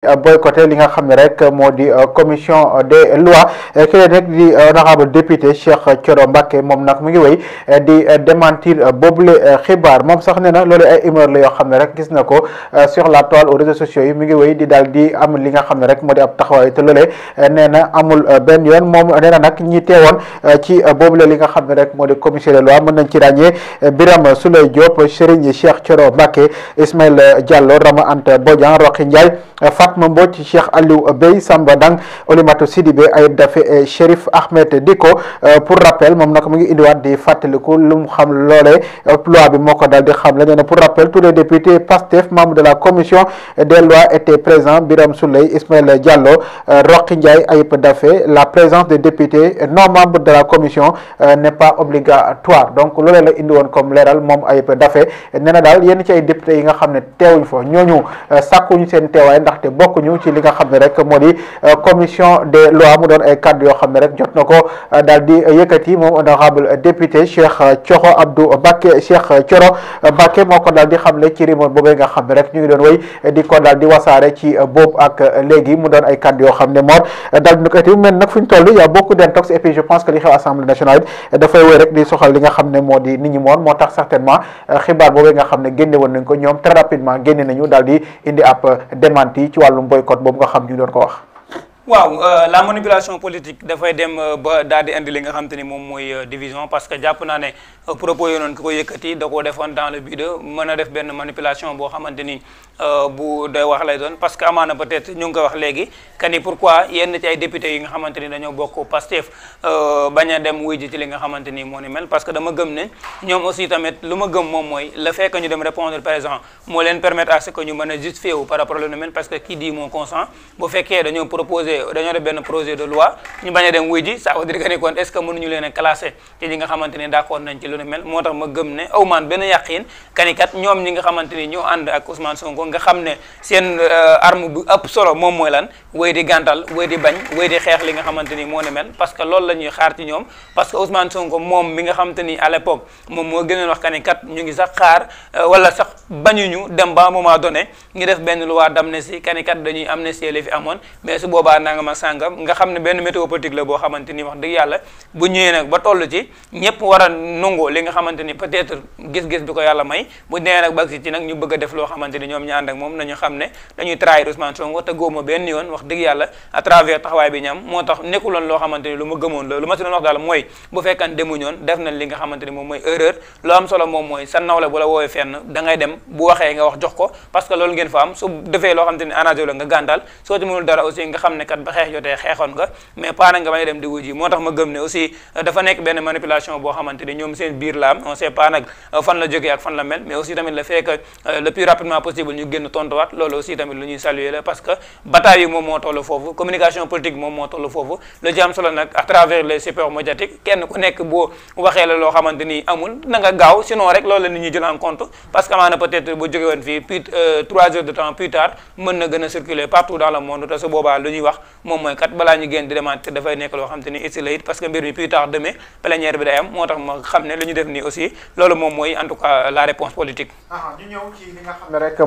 boycotté li nga xam ne rek moo di euh, commission euh, de lois euh, ki leen rek di honorable député Cheikh Thioro Mbacké moom nag mu ngi wéy di démentir boobule xibaar moom sax nee na loolu ay humeur la yoo xam ne rek gis na ko sur la toile aux réseaux sociaux yi mu ngi wéy di daal di am li nga xam ne rek moo di ab taxawaay te loolee nee na amul benn yoon moom nee na nag ñi teewoon ci boobule li nga xam ne rek moo di commission des lois mën nañ ci ràññee biram Souleye Diop Serigne Cheikh Thioro Mbacké Ismaïla Diallo Rama Anta Bodian Roqi Fatma Mbodj Cheikh Aliou Bey Samba Dang Olimato Sidibé Ayib Dafe Chérif Ahmed Diko euh, pour rappel moom nag mu ngi indiwaat di fàttaliku lu mu xam loolee euh, loi bi moo ko daal di xam la nee pour rappel tous les députés PASTEF membres de la commission des lois étaient présents Biram Souley Ismaël Diallo euh, Roqi Ndiaye Ayib Dafe la présence des députés non membres de la commission n'est pas obligatoire donc loolee la indi woon comme leeral moom Ayib Dafe nee daal yenn ci yi nga xam ne teewuñ fa ñooñu bokkuñu ci li nga xam ne rek moo di euh, commission des lois mu doon ay kàddu yoo xam ne rek jot na ko euh, daal di yëkkati moom honorable député Cheikh euh, Thioro Abdou Mbacké Cheikh Thioro Mbacké moo ko daal di xamle ci rimoon boobee nga xam ne rek ñu ngi doon way di ko daal di wasaare ci boobu ak léegi mu doon ay kàddu yoo xam ne moom daal di na ko eti mu mel ñu toll y a beaucoup d'intox pense que li xew assemblée nationale it dafay wéy rek di soxal nga xam ne moo di nit ñi moon moo tax certainement xibaar boobee nga xam ne génne woon nañ ko ñoom très rapidement génne nañu daal di indi ab wàllum boycott boob nga xam ñu doon ko wax waaw euh, la manipulation politique dafay dem euh, ba daal di indi li nga xam te ni moom mooy euh, division parce que jàpp naa ne propos yooyu noonu ko yëkkati da koo defoon dans le but mën a def benn manipulation boo xamante ni bu doy wax lay doon parce que amaana peut ñu ngi wax léegi que ni pourquoi yenn ci ay députés yi nga xamante dañoo bokk Pastef bañ a dem wuy ji ci li nga xamante ni moo ni mel parce que dama gëm ne ñoom aussi tamit lu ma gëm moom mooy le fait projet dañoo def benn projet de loi ñu bañ a dem wuy ji ça veut dire que ne kon est ce que mënuñu leen a classé ñi nga xamante ni nañ ci lu ne mel moo tax ma gëm ne aw benn yàqin kanikat ñoom ñi nga xamante ñoo ànd ak Ousmane Sonko nga euh, moom mooy lan wéy di gàntal wéy di bañ wéy di xeex li nga xamante ni moo ne mel parce que loolu la ñuy xaar ci ñoom parce que moom mi nga xamante ni à l'époque moom moo gënoon wax kanikat ñu ngi sax xaar euh, wala sax bañuñu dem ba moment donné ñu def benn loi d'amnistie kanikat dañuy amnistie li fi amoon mais boobaa nangam ak sàngam nga xam ne benn météo politique la boo xamante ni wax dëgg yàlla bu ñëwee nag ba toll ci ñëpp war a nungoo li nga xamante ni gis-gis bi ko yàlla may bu nee nag bagsi ci nag ñu bëgg a def loo xamante ñoom ñu ànd moom nañu xam ne dañuy trahir Ousmane Sonko te góoma benn yoon wax dëgg yàlla à taxawaay bi ñam moo tax nekkuloon loo xamante lu ma gëmoon lu ma si doon wax daal mooy bu fekkan demuñoon def nañ li nga xamante kat ba xeex jotee xeexoon nga mais paana nga may dem di wuji moo tax ma gëm ne aussi euh, dafa nekk benn manipulation boo xamante ni ñoom seen biir la am on sait pas nag euh, fan la jógee ak fan la mel mais aussi tamit le fait euh, le plus rapidement possible ñu génn tontuwaat loolu aussi tamit lu ñuy saluer la parce que bataille yi moom moo toll foofu communication politique moom moo toll foofu lu ci am nag à travers les supports médiatiques kenn ku moom mooy kat balaa ñu génn di demaat te dafay nekk loo xam te ni itti la it parce que bi day am moo loolu moom mooy en tout cas la réponse politique ah,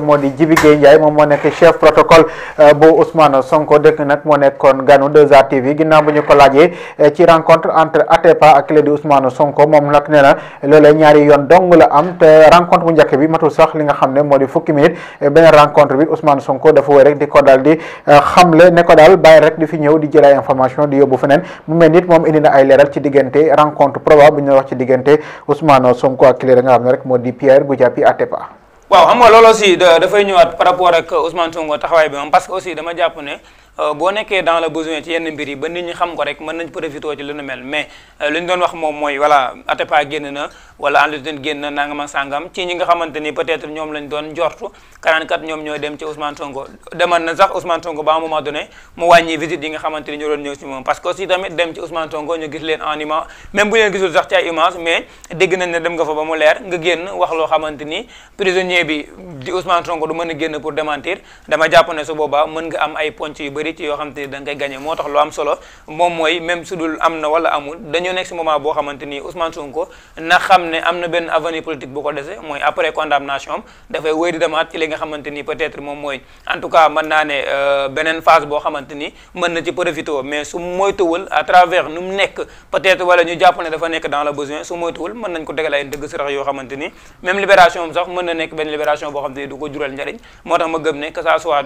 moom moo nekk chef protocole euh, bu Ousmane Sonko dëkk nag moo nekkoon ganu 2A TV ginnaaw bu euh, ci rencontre entre Atepa ak Lady Ousmane Sonko moom nag nee na ñaari yoon dong la am te rencontre bu njëkk bi matul sax li nga xam ne moo di fukki minute beneen rencontre bi Ousmane Sonko dafa wéy di ko daal di euh, xamle ne ko daal bàyyi rek di fi ñëw di jël information di yóbbu feneen mu mel nit moom indi na ay leeral ci diggante rencontre probable bu wax ci diggante Ousmane Sonko ak da nga xam ne rek moo di Pierre Goudiaby Atepa waaw xam nga loolu aussi dafay ñëwaat par rapport ak Ousmane Sonko taxawaay bi moom parce que aussi dama jàpp ne Euh, boo nekkee dans le besoin ci yenn mbir yi ba nit ñi xam ko rek mën nañ profité ci lu nu mel mais euh, li ñu doon wax moom mooy voilà Atepa génn na wala Anglutène génn na nangam ak sàngam ci ñi nga xamante ni peut-être ñoom lañ doon njortu kanankat ñoom ñooy dem ci Ousmane Sonko demoon na sax Ousmane Sonko ba un moment mu wàññi visite yi nga xamante ni ñoo doon ñëw si moom parce que aussi tamit dem ci Ousmane Sonko ñu gis leen en image même bu leen gisul sax ci ay image mais dégg nañ ne dem nga fa ba mu leer nga génn wax a génn bëri ci yoo xam moo tax lu am solo moom mooy même su dul am na wala amul dañoo nekk si moment boo xamante ni Ousmane Sonko na xam ne am na benn avenir ko dese mooy après condamnation am dafay wéy di moom mooy en tout cas naa ne euh, beneen phase boo xamante ni mën na ci profité mais su moytuwul à travers nu mu nekk peut-être wala ñu jàpp ne dafa nekk dans le besoin su moytuwul mën nañ ko tegal ay dëgg sarax yoo xamante ni même libération sax mën na nekk benn libération boo xamante du ko jural njariñ moo tax ma gëm ne que ça soit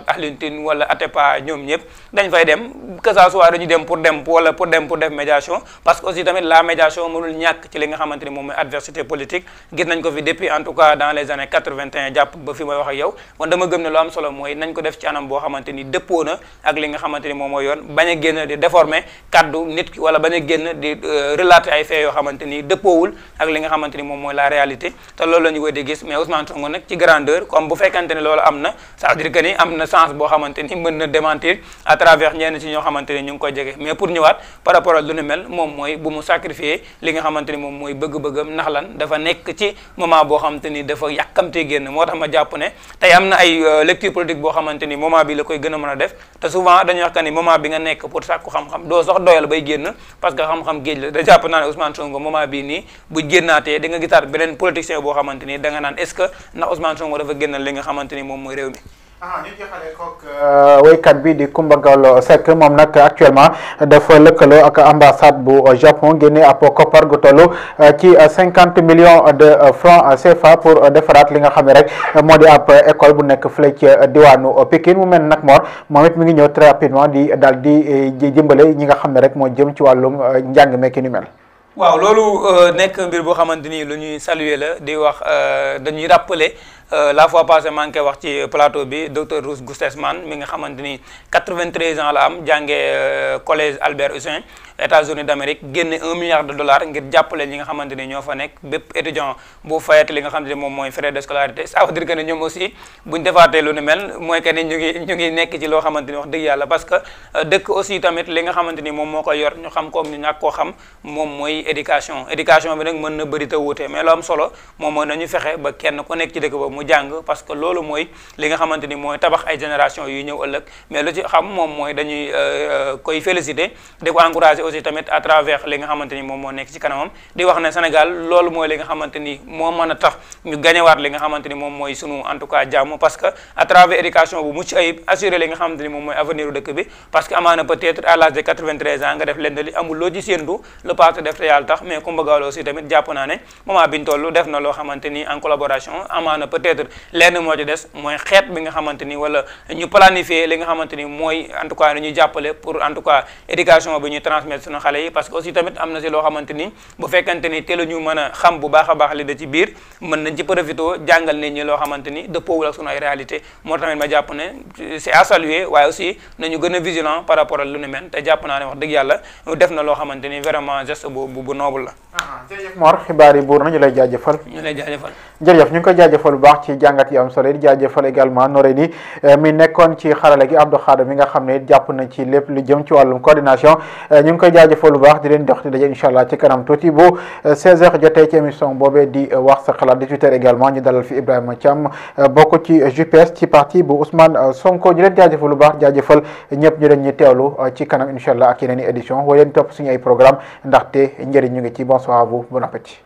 Alioune dañ fay dem que ça soit dañu dem pour dem wala pour dem pour def médiation parce que aussi tamit la médiation mënul ñàkk ci li nga xamante ni moom mooy adversité politique gis nañ ko fi depuis en tout mooy nañ ko def anam boo xamante ni dëppoo na ak li nga xamante ni moom mooy yoon bañ a génn di déformer kaddu nit ki wala bañ a génn di euh, relater ay faits yoo xamante ni dëppoowul ak li nga xamante ni moom mooy la réalité te loolu la ñu wéy di gis mais Ousmane Sonko nag ci grandeur comme bu fekkante ne loolu am na ça veut dire que ni am na sens boo xamante ni mën na démentir à travers ñenn ci ñoo xamante ne ñu ngi ko jege mais pour ñëwaat par rapport ak lu ni mel moom mooy bu mu sacrifier li nga xamante ni moom mooy bëgg-bëggam ndax lan dafa nekk ci moment xamante ni dafa yàkkamtee génn moo tax ma jàpp ne tey am na ay euh, lecture politique boo xamante ni moment bi la koy gën a mën a def te souvent dañuy wax que nga nekk pour sàkku xam-xam doo sax doyal génn parce que xam-xam géej jàpp naa ne Ousmane Sonko moment bii nii bu génnaatee di boo xamante ni da nga naan est-ce que li nga xamante ni moom mooy réew mi ah ñu jeexalee kook euh, waykat bi di Coumba Gawlo Seck moom nag actuellement dafa lëkkaloo ak ambassade bu Japon génne ab koppar gu toll euh, ci cinquante millions de francs CFA pour defaraat li nga xam ne rek moo di ab école bu nekk fële ci diwaanu Pikine mu mel nag Mor moom it mi ngi ñëw très rapidement di daal di jëmbale ñi nga xam ne rek moo jëm ci wàllum euh, njàng mekki ni mel. waaw loolu nekk mbir boo xamante ni lu ñuy saluer la di wax dañuy rappeler. Euh, la fois passée maa ngi koy wax ci plateau bi docteur Rouss Gustesman mi nga xamante ni 93 ans la am jàngee euh, collège Albert Hussein États-Unis d'Amérique génne 1 milliard de dollars ngir jàppale ñi nga xamante ñoo fa nekk bépp étudiant bu fayati li nga xamante ni moom mooy frais de scolarité ça veut dire que ne ñoom aussi bu defaatee lu ni mel mooy que ñu ngi ñu ngi nekk ci loo xamante ni wax dëgg yàlla parce que euh, dëkk aussi tamit li nga xamant ni moom moo koy yor ñu xam ko ñu ñàkk koo xam moom mooy éducation éducation bi nag mën na bëri te wuute mais lu am solo moom mooy nañu fexe ba kenn ku nekk ci dëkk mu jàng parce que loolu mooy li nga xamante ni mooy tabax ay génération yu ñëw ëllëg mais lu ci xam moom mooy dañuy euh, euh, koy féliciter di ko encourager aussi tamit à li nga xamante ni moom mooy a sunu en tout cas jàmm parce que à éducation bu mucc ayib assurer li nga xamante moom mooy avenir dëkk bi parce que amaana peut-être à l'âge de 93 ans nga def lenn amul loo ci séentu le passé def te yàlla tax mais Coumba Gawlo aussi tamit peut-être lenn moo ci des mooy xeet bi nga xamante ni ñu planifier li nga xamante mooy en tout cas ñu jàppale pour en tout cas éducation bi ñuy transmettre suñu xale yi parce que aussi tamit am na si loo xamante bu fekkante ni teel a ñu mën a xam bu baax a baax li da ci biir mën nañ ci profité jàngal nit ñi loo xamante ni dëppoowul ak suñu ay réalité moo tamit ma jàpp ne c'est à waaye aussi nañu gën a vigilant par rapport ak lu ni mel te jàpp na loo xamante ni vraiment la. Ah, ah, jërëjëf Mor xibaar yi ci jàngat yi am solo it jaajëfal également nore eh, ni mi nekkoon ci xarala gi Abdou Khadre mi nga xam ne jàpp na ci lépp lu jëm ci wàllum coordination eh, ñu ngi koy jaajëfal lu baax di leen dox di daje incha allah ci kanam tuuti bu 16h eh, ci émission boobee di wax sa xalaat 18h également dalal fi Ibrahima Thiam bokk ci JPS ci parti bu Ousmane Sonko ñu leen jaajëfal lu baax jaajëfal ñëpp ñu leen ñi teewlu ci kanam incha allah ak yeneen édition wala leen topp suñu ay programme ndaxte njëriñ ñu ngi ci bonsoir à vous a appétit